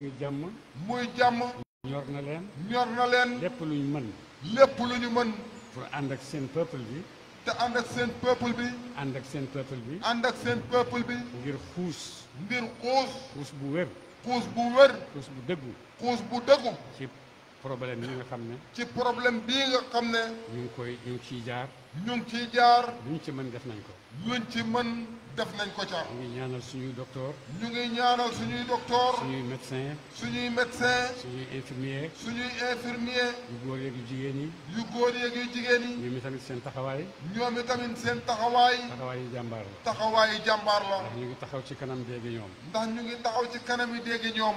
muy jàmm. muy jàmm. ñor na leen. ñor na leen. lépp luñ mën. lépp lu ñu mën. pour ànd ak seen peuple bi. te ànd ak seen peuple bi. ànd ak seen peuple bi. ànd ak seen peuple bi. ngir xuus. ngir xuus. xuus bu wér. xuus bu wër xuus bu dëggu. xuus bu dëggu. ci problème yi nga xam ne. ci problème bii nga xam ne. ñu ngi koy ñu ngi ciy jaar. ñu ngi ciy jaar. luñ ci mën def nañ ko. luñ ci mën. def nañ ko ca. ñu ngi ñaanal suñuy doktoor ñu ngi ñaanal suñuy docteur. suñuy médecin. suñuy infirmier. suñuy infirmier. yu góor yeeg yu jigéen yi. yu góor yeeg yu jigéen ñoom itamit seen taxawaay. ñoom itamit seen taxawaay. taxawaay yi jàmbaar la. taxawaay ndax ñu ngi taxaw ci kanam déegi ñoom. ndax ñu ngi taxaw ci kanam yi ñoom.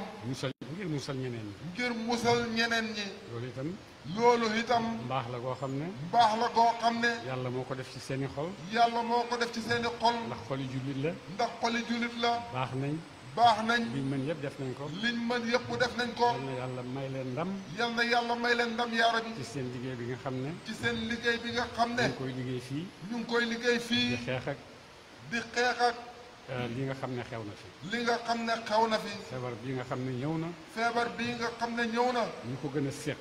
ngir musal ñeneen ñi. ngir musal ñeneen ñi. loolu itam. loolu itam. mbaax la goo xam ne. mbaax la goo xam ne. yàlla moo ko def ci seeni xol. yàlla moo ko def ci seeni xol. ndax xoli jullit la. ndax xoli jullit la. baax nañ. baax nañ liñ mën yëpp def nañ ko liñ mën yëpp def nañ ko yal na yàlla may leen ndam yal na yàlla may leen ndam yaa rabbi ci seen liggéey bi nga xam ne ci seen liggéey bi nga xam ne ñu koy liggéey fii ñu ngi koy liggéey fii di xeex ak di xeex ak Euh, li nga xam ne xew na fi. li nga xam ne xew na fi. feebar bii nga xam ne ñëw na. feebar bii nga xam ne ñëw na. ñi ko gën a séq.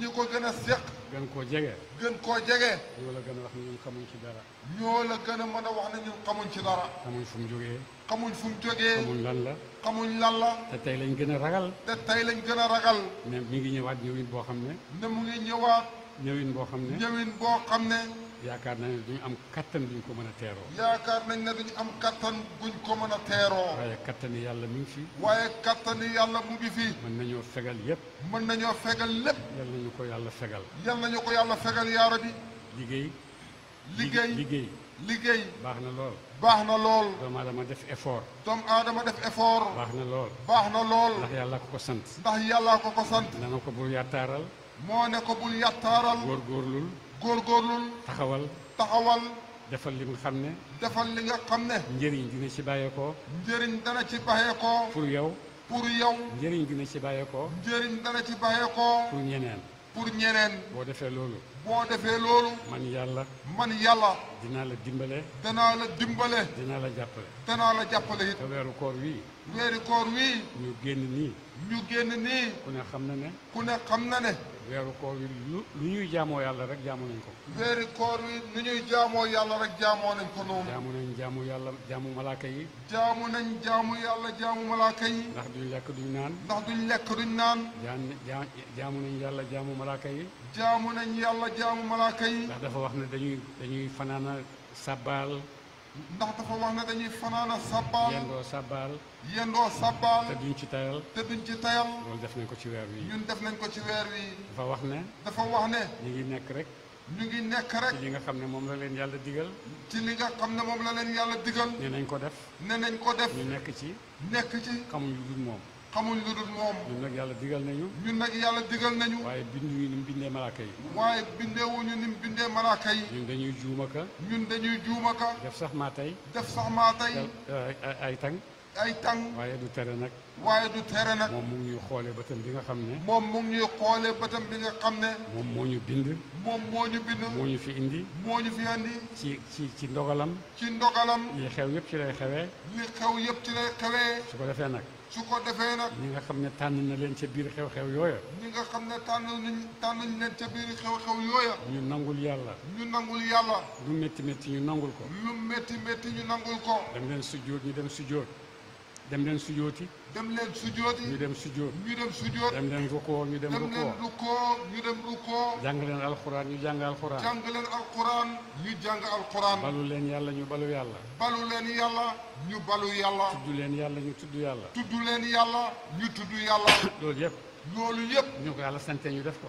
ñi ko gën a séq. gën koo jege. gën koo jege. ñoo la gën a wax ne ñun xamuñ ci dara. ñoo la gën a mën a wax ne ñun xamuñ ci dara. xamuñ fu mu jógee. xamuñ fu mu jógee. xamuñ lan la. xamuñ lan la. te tey lañ gën a ragal. te tey lañ gën a ragal. mais mi ngi ñëwaat ñëwin boo xam ne. ne mu ngi ñëwaat. ñëwin boo xam ne. ñëwin boo xam ne. yaakaar nañ ne duñu am kattan buñ ko mën a teeroo yaakaar nañ ne duñu am kattan buñ ko mën a teeroo waaye kattani yàlla mu ngi fi waaye kattani yàlla mu ngi fi mën nañoo fegal yépp mën nañoo fegal lépp yal nañu ko yàlla fegal yal nañu ko yàlla fegal yaa rabbi liggéey liggéey liggéey liggéey baax na lool baax na lool doomu aadama def effort doomu aadama def effort baax na lool baax na lool ndax yàllaa ko ko sant ndax yàllaa ko ko sant dana ko bul yàttaaral moo ne ko bul yàttaaral góorgóorlul góorgóorlul taxawal taxawal defal li nga xam ne defal li nga xam ne njëriñ dina ci bàyyeekoo njëriñ dana ci bàyyeekoo pour yow pour yow njëriñ dina ci bàyyeekoo njëriñ dana ci bàyyeekoo pour ñeneen pour ñeneen boo defee loolu boo defee loolu man yàlla man yàlla dinaa la dimbale danaa la dimbale dinaa la jàppale danaa la jàppale it te weeru koor wii weeru koor wii ñu génn nii ñu génn nii ku ne xam na ne ku ne xam na ne weeru koor wi lu ñuy jaamoo yàlla rek jaamoo nañ ko. weeru koor wi nu ñuy jaamoo yàlla rek jaamoo nañ ko noonu. jaamu nañ jaamu yàlla jaamu malaaka yi. jaamu nañ jaamu yàlla jaamu malaaka yi. ndax duñ lekk duñ naan. ndax duñ lekk duñ naan. jaan jaamu nañ yàlla jaamu malaaka yi. jaamu nañ yàlla jaamu malaaka yi. ndax dafa wax ne dañuy dañuy fanaana sabaal. ndax dafa wax ne dañuy fanaana sabbaal yendoo sabbaal yendoo sabbaal te duñ ci tayal te duñ ci tayal loolu def nañ ko ci weer wi ñun def nañ ko ci weer wi dafa wax ne dafa wax ne ñu ngi nekk rek ñu ngi nekk rek ci li nga xam ne moom la leen yàlla digal ci li nga xam ne moom la leen yàlla digal ne nañ ko def ne nañ ko def ñu nekk ci nekk ci xamuñ lu dul moom xamuñ lu dul moom. ñun nag yàlla digal nañu. ñun nag yàlla digal nañu. waaye binduñu ni mu malaaka yi. waaye bindeewuñu ni mu malaaka yi. ñun dañuy juumaka. ñun dañuy juumaka. def sax maa tey. def sax maa tey. ay tàng. ay tàng. waaye du tere nag. waaye moom mu ngi ñuy xoolee bëtam bi nga xam ne. moom mu ngi ñuy xoolee bëtam bi nga xam ne. moom moo ñu bind. moom moo ñu bind. ñu fi indi. moo ñu fi indi. ci ci ci ndogalam. ci ndogalam. li xew yëpp ci lay xewee. li xew yëpp ci lay xewee. su ko defee nag. su ko defee nag. ñi nga xam ne tànn na leen ca biir xew-xew yooya. ñi nga xam ne tànn nañ tànn nañ leen ca biir xew-xew yooya. ñu nangul yàlla. ñu nangul yàlla. lu métti métti ñu nangul ko. lu métti métti ñu nangul ko. dem leen sujjóot ñi dem sujjóot. dem leen sujooti dem leen ñu dem sujoot ñu dem sujoot rukkoo ñu dem rukkoo dem leen rukkoo ñu dem rukkoo jàng leen alxuraan jàng alxuraan jàng leen ñu jàng alxuraan balu yàlla ñu balu yàlla balu leen yàlla ñu balu yàlla tudd leen yàlla ñu tudd yàlla tudd leen yàlla ñu tudd yàlla loolu yëpp loolu yëpp ñu ko yàlla sante ñu def ko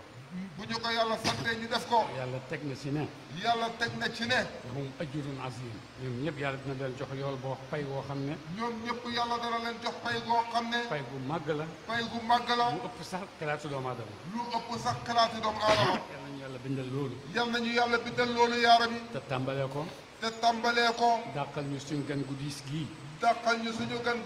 bu ñu ko yàlla sante ñu def ko. yàlla teg na ci ne. yàlla teg na ci ne. moom ajurun azim. ñoom ñëpp yàlla dina leen jox yool boo pay goo xam ne. ñoom ñëpp yàlla dana leen jox pay goo xam ne. pay gu màgg la. pay gu màgg la. lu ëpp sax xalaatu doomu aadama. lu ëpp sax xalaatu doomu aadama. yàlla bindal loolu. yal nañu yàlla bindal loolu yaara te tàmbalee ko. te tàmbalee ko. dàqal ñu suñu gan gu gii. dàqal ñu suñu gan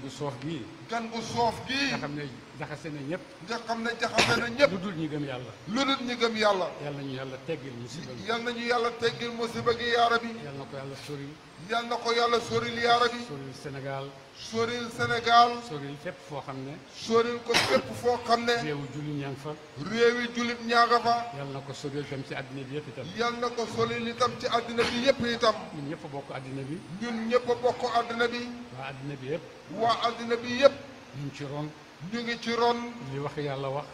gu soof gii. gan gu soof gii. nga xam ne jaxase na ñëpp. nga xam ne jaxase na ñëpp. lu dul ñi gëm yàlla. lu dul ñi gëm yàlla. yal nañu yàlla teggil musiba gi. yal nañu yàlla teggil musiba gi yaara bi. yal na ko yàlla soril. yal na ko yàlla soril yaara bi. soril Sénégal. soril Sénégal. soril fépp foo xam ne. soril ko fépp foo xam ne. réewi jullit ñaa fa. réewi jullit ñaa nga fa. yal na ko soril itam ci àddina bi yëpp itam. yal na ko soril itam ci àddina bi yëpp itam. ñun ñëpp bokk àddina bi. ñun ñëpp bokk àddina bi. waa àddina bi yëpp. waa àddina bi yëpp. ñu ci ron. ñu ngi ci ron. li wax yàlla wax.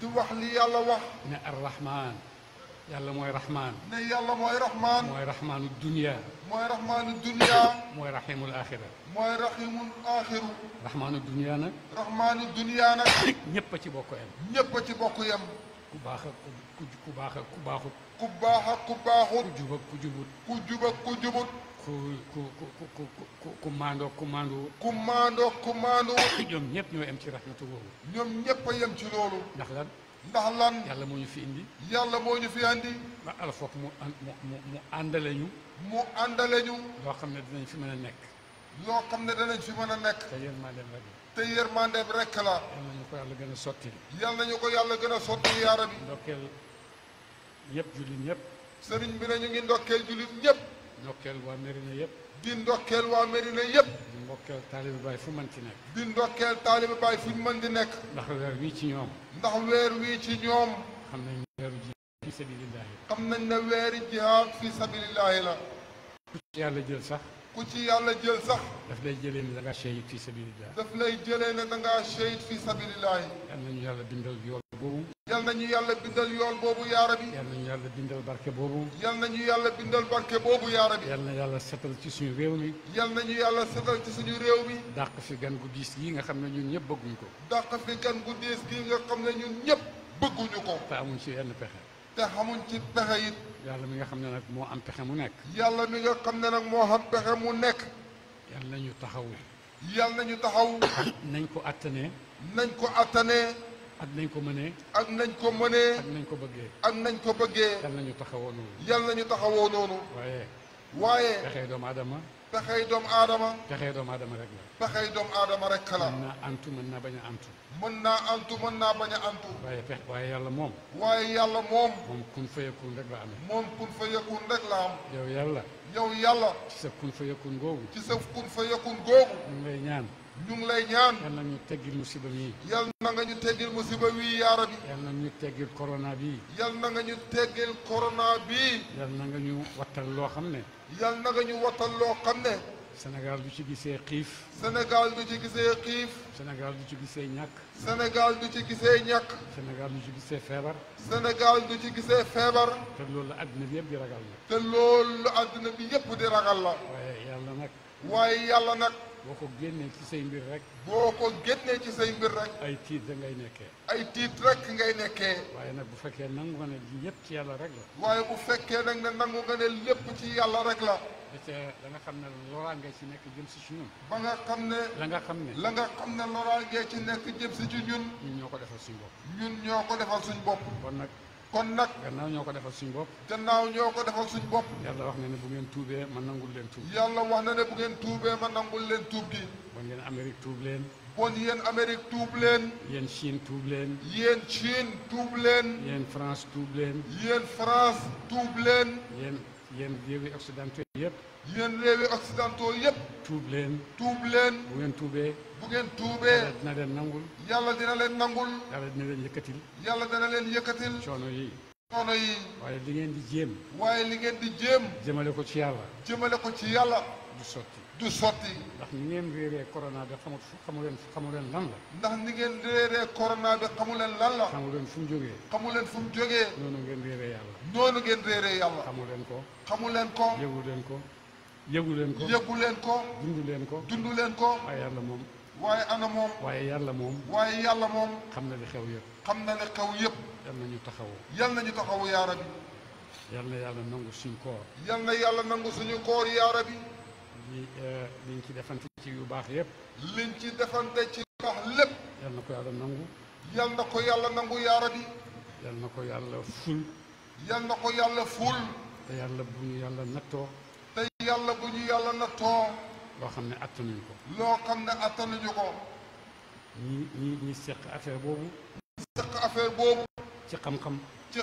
di wax li yàlla wax. ne ar yàlla mooy rahmaan. ne yàlla mooy rahmaan. mooy rahmaanu dunya. mooy rahmaanu dunya. mooy rahimul axira. mooy rahimul axiru. rahmaanu dunya nag. rahmaanu dunya nag. ñëpp a ci bokk yem. ñëpp a ci bokk yem. ku baax ak ku ku baax ak ku baaxut. ku baax ak ku baaxut. ku jub ak ku jubut. ku jub ak ku jubut. ku ku ku ku ku ku maandoo ku maanduwut. ku maandoo ku maanduwut. ñoom ñëpp ñoo yem ci rahmatu boobu. ñoom ñëpp a yem ci loolu. ndax lan. ndax lan yàlla moo ñu fi indi yàlla moo ñu fi indi ba al mu mu mu àndale ñu mu àndale ñu loo xam ne dinañ fi mën a nekk yoo xam ne danañ fi mën a nekk te yërmandeem rek te yërmandeem rek la yal nañu ko yàlla gën a sotti yal nañu ko yàlla gën a sotti yaara bi ndokkeel yëpp jullit ñëpp sëriñ bi ne ñu ngi ndokkeel jullit ñëpp ndokkeel waa Mérina yëpp di ndokkeel waa Mérina yëpp ndokkeel taalibe Baay fu mën ci nekk. di ndokkeel taalibe Baay fu ñu mën di nekk. ndax weer wii ci ñoom. ndax weer wii ci ñoom. xam nañ weeru jihaad fi sabilillahi xam nañ ne weeri jihaad fi sabilillahi la. ku ci yàlla jël sax. ku ci yàlla jël sax. daf lay jëlee ne da ngaa shahid fi sabilillahi. daf lay jëlee ne da ngaa shahid fi sabilillahi. yal nañu yàlla bindal yool boobu yal nañu yàlla bindal yoon boobu yaara bi yal nañu yàlla bindal barke boobu yal nañu yàlla bindal barke boobu yaara bi yal na yàlla setal ci suñu réew mi yal nañu yàlla setal ci suñu réew mi dàq fi gan gu diis gi nga xam ne ñun ñëpp bëgguñ ko dàq fi gan gu diis gi nga xam ne ñun ñëpp bëgguñu ko te amuñ ci yenn pexe te xamuñ ci pexe it yàlla mi nga xam ne nag moo am pexe mu nekk yàlla mi nga xam ne nag moo am pexe mu nekk yal nañu taxaw yal nañu taxaw nañ ko attanee nañ ko attanee ak nañ ko mënee. ak nañ ko mënee. ak nañ ko bëggee. ak nañ ko bëggee. yal nañu taxawoo noonu. yal nañu taxawoo noonu. waaye. waaye. pexey doomu aadama. pexey doomu aadama. pexey doomu aadama rek la. pexey doomu aadama rek la. mën naa antu mën naa bañ a antu. mën naa antu mën naa bañ a antu. waaye pex waaye yàlla moom. waaye yàlla moom. moom kun fa yakun rek la amee. moom kun fa yakun rek la am. yow yàlla. yow yàlla. ci sa kun fa yakun googu. ci sa kun fa yakun googu. ñu ngi lay ñaan. ñu ngi lay ñaan. yal na ñu teggil musiba mi. yal na nga ñu teggil musiba wi yaa rabbi. yal na ñu teggil korona bi. yal na nga ñu teggil corona bi. yal nga ñu wattal loo xam ne. yal na nga loo xam ne. du ci gisee xiif. Sénégal du ci gisee xiif. senegal du ci gisee ñàkk. Sénégal du ci gisee ñàkk. Sénégal du ci gisee feebar. Sénégal du ci gisee feebar. te loolu adduna bi yëpp di ragal la. te loolu adduna bi yëpp di ragal la. waaye yàlla nag. waaye yàlla nag. boo ko génnee ci say mbir rek. boo ko génnee ci say mbir rek. ay tiit da ngay nekkee. ay tiit rek ngay nekkee. waaye nag bu fekkee nangu nga ne yëpp ci yàlla rek la. waaye bu fekkee nag ne nangu nga ne lépp ci yàlla rek la. da ca da xam ne loraange ci nekk jëm si ci ñun. ba nga xam ne. la nga xam ne. la nga xam ne loraange ci nekk jëm si ci ñun. ñun ñoo ko defal suñu bopp. ñun ñoo ko defal suñu bopp. nag. kon nag gannaaw ñoo ko defal suñ bopp gannaaw ñoo ko defal suñ bopp wax na ne bu ngeen tuubee ma nangul leen tuub yàlla wax na ne bu ngeen tuubee ma nangul leen tuub gi bon yéen Amérique tuub leen bon yéen Amérique tuub leen yéen Chine tuub leen yéen Chine tuub leen yéen France tuub leen yéen France tuub leen yéen yéen réewi Occidentaux yëpp yéen réewi occidentaux yëpp tuub leen tuub leen bu ngeen tuubee bu ngeen tuubee dina leen nangul yàlla dina leen nangul yàlla dina leen yëkkatil yàlla dina leen yëkkatil coono yi coono yi waaye li ngeen di jéem waaye li ngeen di jéem jëmale ko ci yàlla jëmale ko ci yàlla du sotti du sotti. ndax ni ngeen réeree corona bi xamul xamu leen xamu leen lan la. ndax ni ngeen réeree corona bi xamu leen lan la. xamu leen fu mu jógee. xamu leen fu mu jógee. noonu ngeen réeree yàlla. noonu ngeen réeree yàlla. xamu leen ko. xamu leen ko. yëgu leen ko. yëgu leen ko. yëgu leen ko. dund leen ko. dund leen ko. waaye yàlla moom. waaye ana moom. waaye yàlla moom. waaye yàlla moom. xam na li xew yëpp. xam na li xew yëpp. yal na ñu taxawu. yal na ñu taxawu yaa rabbi. yàlla na yàlla nangu suñu koor li liñ euh, ci defante ci yu baax yëpp. liñ ci defante ci yu baax lépp. yal na ko yàlla nangu. yal na ko yàlla nangu yaa rabbi. yal na ko yàlla ful. yal na ko yàlla ful. te yàlla bu ñu yàlla nattoo. te yàlla bu ñu yàlla nattoo. loo xam ne attanuñu ko. loo xam ne attanuñu ko. ñi ñi ñi seq affaire boobu. ñi seq affaire boobu. ci xam-xam. ci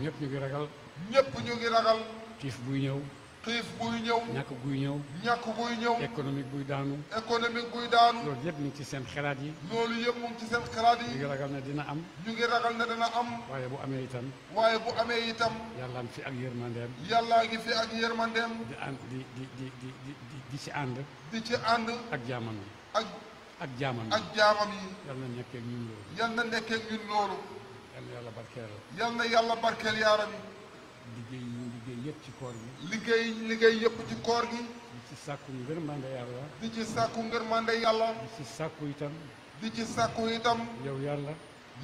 ñëpp ñu ngi ragal. ñëpp ñu ngi ragal. tiif buy ñëw. xiif buy ñëw ñàkk buy ñëw ñàkk buy ñëw économique buy daanu économique buy daanu loolu yëpp mu ngi ci seen xalaat yi loolu yëpp mu ngi ci seen xalaat yi ñu ngi ragal ne dina am ñu ngi ragal ne dina am waaye bu amee itam waaye bu amee itam yàllaa ngi fi ak yërmandeem yàllaa ngi fi ak yërmandeem di ànd di di di di di di ci ànd di ci ànd ak jaamam yi ak ak jaamam yi ak jaamam na nekkee ñun loolu yal na nekkee ñun loolu yal na yàlla barkeel yàlla barkeel yaaram yi liggéey yëpp ci koor gi. liggéey liggéey yëpp ci koor gi. di ci sàkku ngërmande yàlla. di ci sàkku ngërmande yàlla. di ci sàkku itam. di ci sàkku itam. yow yàlla.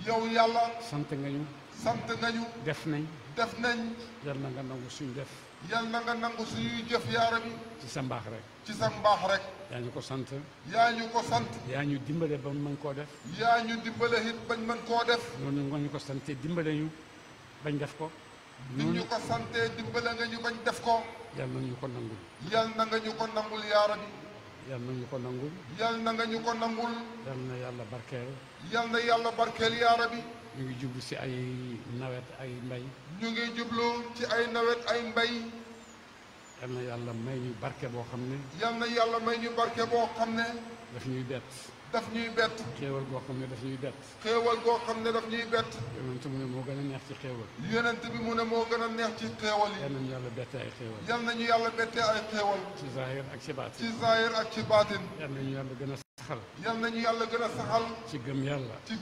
yow yàlla. sant nga ñu. sant nga ñu. def nañ. def nañ. yal na nga nangu suñu def. yal na nga nangu suñuy jëf yaara bi. ci sa mbaax rek. ci sa mbaax rek. yaa ñu ko sant. yaa ñu ko sant. yaa ñu dimbale ba mën koo def. yaa ñu dimbale it bañ mën koo def. noonu nga ñu ko sante dimbale ñu bañ def ko. bi ñu ko santee dimbale nga ñu bañ def ko. yal na ñu ko nangul. yal na nga ñu ko nangul yaa rabbi. yal na ko nangul. yal na nga ñu ko nangul. yal na yàlla barkeel. yal na yàlla barkeel yaa rabbi. ñu ngi jublu ci ay nawet ay mbay. ñu ngi jublu ci ay nawet ay mbay. yal na yàlla may ñu barke boo xam ne. yal na yàlla may ñu barke boo xam ne. daf ñuy bett. daf ñuy bett xéewal goo xam ne daf ñuy bett xéewal goo xam ne daf ñuy bett yonent mu ne moo gën a neex ci xéewal yonent bi mu ne moo gën a neex ci xéewal yi yal nañu yàlla bettee ay xéewal yal nañu yàlla bettee ay xéewal ci zahir ak ci baatin ci zahir ak ci baatin yal nañu yàlla gën a saxal yal nañu yàlla gën a saxal ci gëm yàlla ci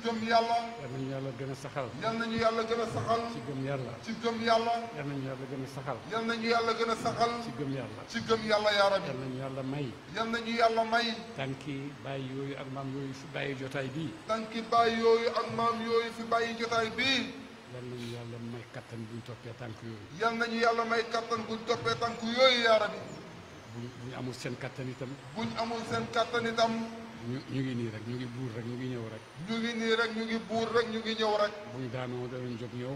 a saxal yal nañu a saxal ci gëm yàlla ci yàlla yal nañu yàlla gën a saxal yal nañu yàlla a saxal ci gëm yàlla yàlla yaa rabbi yal nañu yàlla may yal nañu yàlla may tànki bàyyi yooyu ak maam yooyu fi bàyyi jotaay bii tànki bàyyi yooyu ak maam yooyu fi bàyyi jotaay bii yal nañu yàlla may kattan buñ toppee tànk yooyu yal nañu yàlla may kattan buñ toppee tànk yooyu yaa rabbi buñ amul seen kattan itam buñ amul seen kattan ñu ñu ngi nii rek ñu ngi buur rek ñu ngi ñëw rek. ñu ngi nii rek ñu ngi buur rek ñu ngi ñëw rek. buñ daanoo danañ jóg ñëw.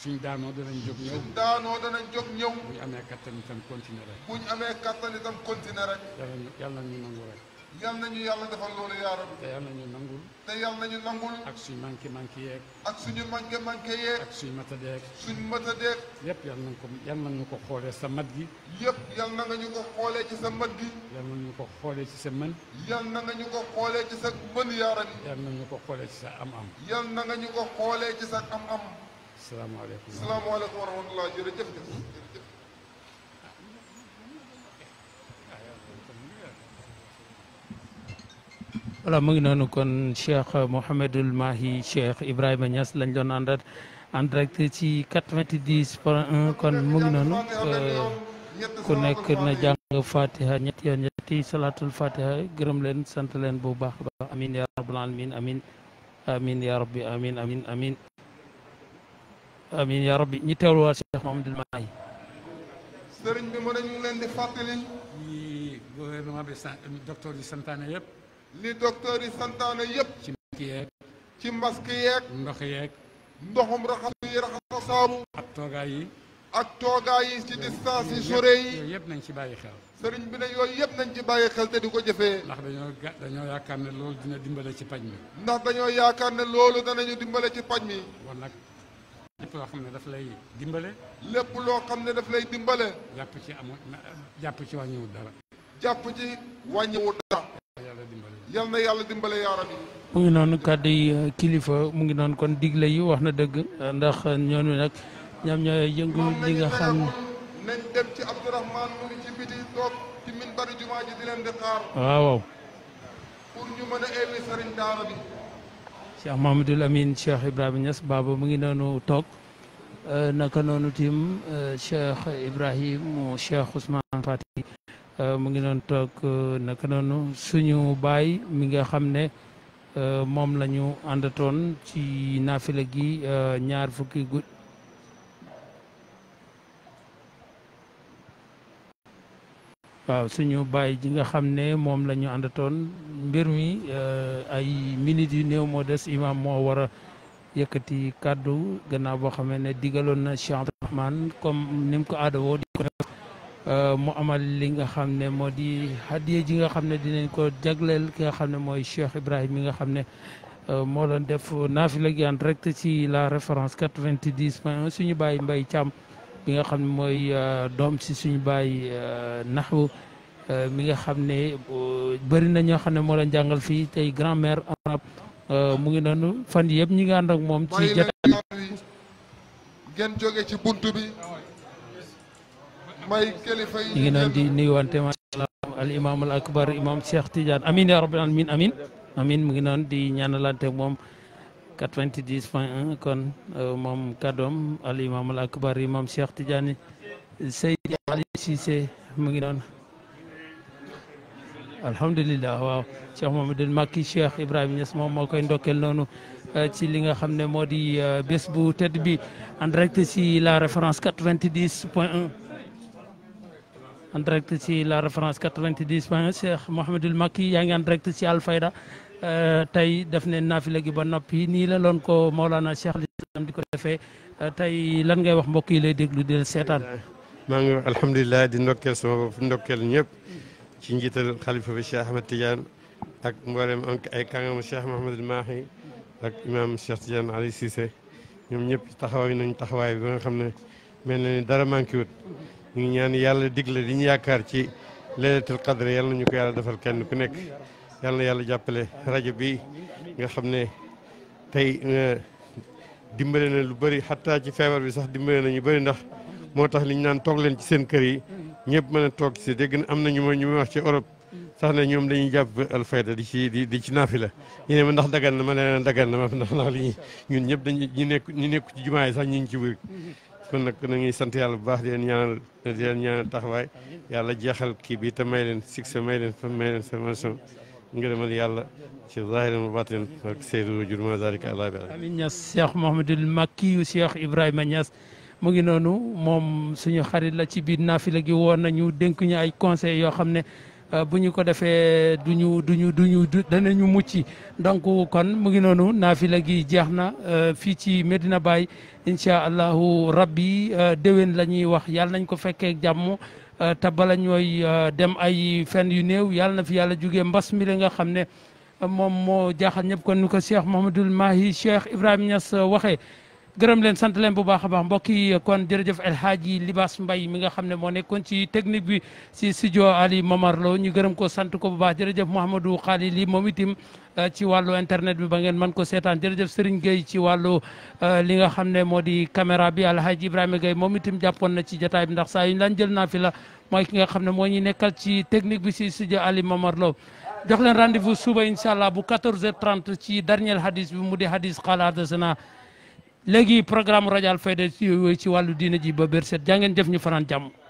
suñ daanoo danañ jóg ñëw. suñ daanoo danañ jóg ñëw. buñ amee kattan itam continuer rek. buñ amee kattan itam continuer rek. yàlla yàlla ñu nangu rek. yal nañu yàlla defal loolu yaa rabbi. te yal nañu nangul. te yal nañu nangul. ak suñu manqué manqué yeeg. ak suñu manqué manqué yeeg. ak suñu matadeeg. suñu matadeeg. yëpp yal nañu ko yal nañu ko xoolee sa mat gi. yëpp yal na nga ñu ko xoolee ci sa mat gi. yal nañu ko xoolee ci sa mën. yal na nga ñu ko xoolee ci sa mën yaa rabbi. yal nañu ko xoolee ci sa am-am. yal na nga ñu ko xoolee ci sa am-am. salaamaaleykum. salaamaaleykum wa rahmatulah jërëjëf jërëjëf. voilà mu ngi noonu kon Cheikh Mouhamadul Mahi Cheikh Ibrahima Niass lañ doon àndaat en direct ci 90 point 1 kon mu ngi noonu euh, ku nekk na jàng Fatiha ñetti yoon ñetti salaatul Fatiha gërëm leen sant leen bu baax a baax amin ya rabbi amin amin amin ya rabbi ñi teewluwaat Cheikh Mouhamadul Mahi bi mu ne ñu ngi li docteur yi santaane yépp ci masque yeeg ci masque yeeg ndox yeeg ndoxum raxasu yi raxasu saabu ak toogaay yi ak toogaay yi ci distance yi juré yi yooyu yëpp nañ ci bàyyi xel sëriñ bi ne yooyu yëpp nañ ci bàyyi xel te di ko jëfee ndax dañoo dañoo yaakaar ne loolu dina dimbale ci paj mi ndax dañoo yaakaar ne loolu danañu dimbale ci paj mi kon nag lépp loo xam ne daf lay dimbale lépp loo xam ne daf lay dimbale jàpp ci amul jàpp ci wàññiwul dara jàpp ci wàññiwul yal na yàlla dimbale yaaram mu ngi noonu kàddu euh, kilifa mu ngi noonu kon digle yi wax na dëgg euh, ndax euh, ñoon wi nag ñoom ñooy yëngu li nga xam nañ dem ci Abdourahmane mu ngi ci biti toog ci minbaru jumaa ji di leen di xaar waaw pour ñu mën a eewi sëriñ daara bi Cheikh Mahamadoul Amine Cheikh Ibrahima Niass mu ngi noonu toog naka noonu tim Cheikh Ibrahim mu Cheikh Ousmane Euh, mu ngi doon toog euh, naka suñu baay mi nga xam ne euh, moom lañu ñu àndatoon ci naafila gi ñaar fukki guddi waaw suñu baay ji nga xam ne moom lañu àndatoon mbir mi ay minutes yu néew moo des imaam moo war a yëkkati kàddu gannaaw boo xamee ne digaloon na Cheikh Abdourahmane comme ni ko aada woo di ko Euh, mu amal li nga xam ne moo di hadiya ji nga xam ne dinañ ko jagleel ki nga xam ne mooy Cheikh Ibrahima mi nga xam ne euh, moo doon def naafila gi en direct ci la référence 90 point 1 suñu baay mbay Thiam bi nga xam ne mooy euh, doom si suñu baay naxwu mi nga xam ne bëri na ñoo xam ne moo leen jàngal fii tey grand-mère arab mu ngi noonu fan yëpp ñi nga ànd moom. ci jotaay bi. ñu ngi noon di nuyuwante maasalaam al imam al akbar imam Cheikh Tidiane amin ya rabbil amin amin mu ngi noon di ñaanalante moom 90 point 1 kon euh, moom kadoom al imam al akbar imam Cheikh Tidiane Seydi Ali Cissé mu ngi noon alhamdulilah waaw Cheikh Mamadou Makki Cheikh Ibrahima Niass moom moo koy ndokkeel noonu euh, ci li nga xam ne moo di euh, bu tedd bi en direct ci la référence 90 point 1 en direct ci la référence 90 point 1 Cheikh Mouhamadul Makki yaa ngi en direct ci Alfayda euh, tey def ne naafila gi ba noppi nii la loon ko Maolana Cheikh Lislam di ko defee euh, tey lan ngay wax mbokk yi lay déglu di leen maa ngi wax di ndokkeel sama bopp ndokkeel ñëpp ci njiital xalifa bi Cheikh Ahmed Tidiane ak mboolem ay kàngam Cheikh Mouhamadul Mahi ak imam Cheikh Tidiane Ali Cissé ñoom ñëpp taxawaay nañ taxawaay bi ba nga xam ne mel na ni dara manqué ñu ñaan yàlla digle di ñu yaakaar ci laylatul qadr yàlla na ñu ko yàlla defal kenn ku nekk yàlla na yàlla jàppale rajo bi nga xam ne tey euh, dimbale na lu bari xataa ci feebar bi sax dimbale na ñu bari ndax moo tax li ñu naan toog leen ci seen kër yi ñëpp mën a toog ci dégg na am na ñu ma ñu ma wax ci Europe sax ne ñoom dañuy jàpp alfayda di ci di ci naafila la ne ma ndax dagan na ma ne dagan na ma ndax ndax li ñun ñëpp dañu ñu nekk ñu nekk ci jumaa yi sax ñu ngi ci kon nag na ngi sant yàlla bu baax di leen ñaanal di leen ñaanal taxawaay yàlla jeexal kii bi te may leen succès may leen fa may leen formation ngërëmal yàlla ci zahiran wa batin ak Seydou Diour ma zalika allah bi amiin Niass Cheikh Mouhamadul Makkiyu Cheikh Ibrahima Niass mu ngi noonu moom suñu xarit la ci biir naafila gi woon nañu dénk ay conseils yoo xam ne Euh, bu ñu ko defee du ñu du ñu du ñu danañu mucc donc kon mu ngi noonu naafila gi jeex na euh, fii ci Medina Baye incha allahu rabbi euh, déwén la ñuy wax yàlla nañ ko fekkee jàmm te bala ñooy dem ay fen yu néew yàlla na fi yàlla jugee mbas mi la nga xam ne moom moo jaaxal ñëpp kon ni ko Cheikh Mouhamadoul Mahi Cheikh Ibrahima Niass waxee. gërëm leen sant leen bu baax a baax mbokk yi kon jërëjëf El Hadji Libaas Mbay mi nga xam ne moo nekkoon ci technique bi si studio Ali Momar Lo ñu gërëm ko sant ko bu baax jërëjëf Mouhamadou Khalili moom itam euh, ci wàllu internet bi ba ngeen mën ko seetaan jërëjëf sëriñ Gueye ci wàllu euh, li nga xam ne moo di caméra bi El Hadji Ibrahima Gueye moom itam jàppoon na ci jataay bi ndax saa yu jël naa fi la mooy ki nga xam ne mooy ñu nekkal ci technique bi si studio Ali Momar Lo leen rendez-vous suba incha allah bu 14h30 ci dernier hadis mu di hadis xalaat léegi programme rajo Alfayda ci wàllu diina ji ba bër set jaa ngeen jëf ñu fanaan jàmm